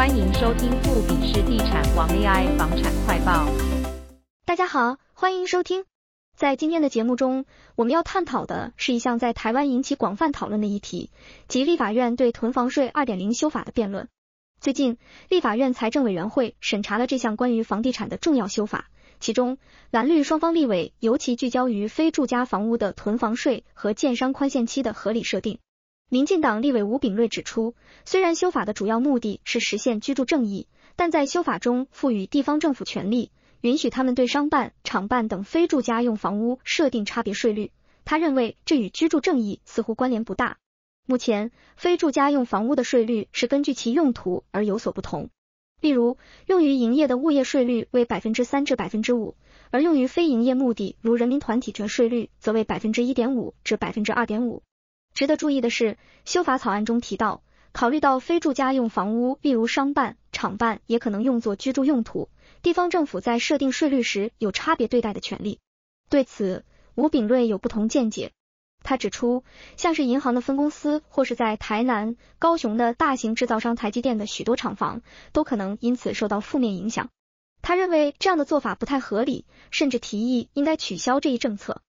歡迎收聽富比士地產王 AI 房產快報。大家好，歡迎收聽。在今天的節目中，我們要探討的是一項在台灣引起廣泛討論的議題，即立法院對囤房稅二點零修法的辯論。最近，立法院財政委員會審查了這項關於房地產的重要修法，其中藍綠雙方立委尤其聚焦於非住家房屋的囤房稅和建商寬限期的合理設定。民進黨立委吳秉叡指出，雖然修法的主要目的是實現居住正義，但在修法中賦予地方政府權力，允許他們對商辦、廠辦等非住家用房屋設定差別稅率。他認為這與居住正義似乎關聯不大。目前，非住家用房屋的稅率是根據其用途而有所不同。例如，用於營業的物業稅率為百分之三至百分之五，而用於非營業目的如人民團體權稅率則為百分之一點五至百分之二點五。值得注意的是，修法草案中提到，考慮到非住家用房屋，例如商辦、廠辦也可能用作居住用途，地方政府在設定稅率時有差別對待的權利。對此，吳秉叡有不同見解。他指出，像是銀行的分公司或是在台南、高雄的大型製造商台積電的許多廠房，都可能因此受到負面影響。他認為這樣的做法不太合理，甚至提議應該取消這一政策。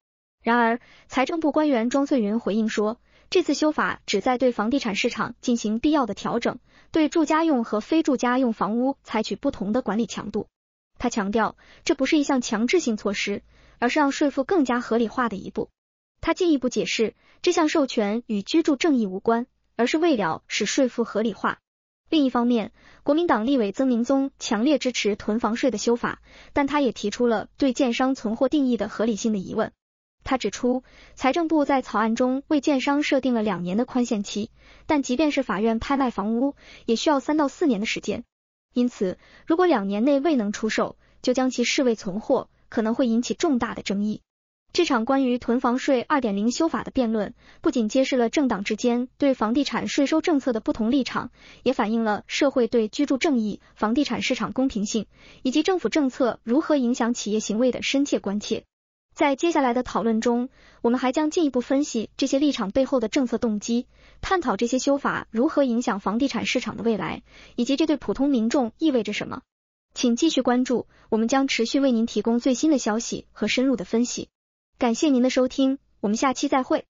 然而，財政部官員莊翠雲回應說。這次修法旨在對房地產市場進行必要的調整，對住家用和非住家用房屋採取不同的管理強度。他強調，這不是一項強制性措施，而是讓稅負更加合理化的一步。他進一步解釋，這項授權與居住正義無關，而是為了使稅負合理化。另一方面，國民黨立委曾明宗強烈支持囤房稅的修法，但他也提出了對建商存貨定義的合理性的疑問。他指出，財政部在草案中為建商設定了兩年的寬限期，但即便是法院拍賣房屋，也需要三到四年的時間。因此，如果兩年內未能出售，就將其視為存貨，可能會引起重大的爭議。這場關於囤房稅二點零修法的辯論，不僅揭示了政黨之間對房地產稅收政策的不同立場，也反映了社會對居住正義、房地產市場公平性以及政府政策如何影響企業行為的深切關切。在接下來的討論中，我們還將進一步分析這些立場背後的政策動機，探討這些修法如何影響房地產市場的未來，以及這對普通民眾意味着什麼。請繼續關注，我們將持續為您提供最新的消息和深入的分析。感謝您的收聽，我們下期再會。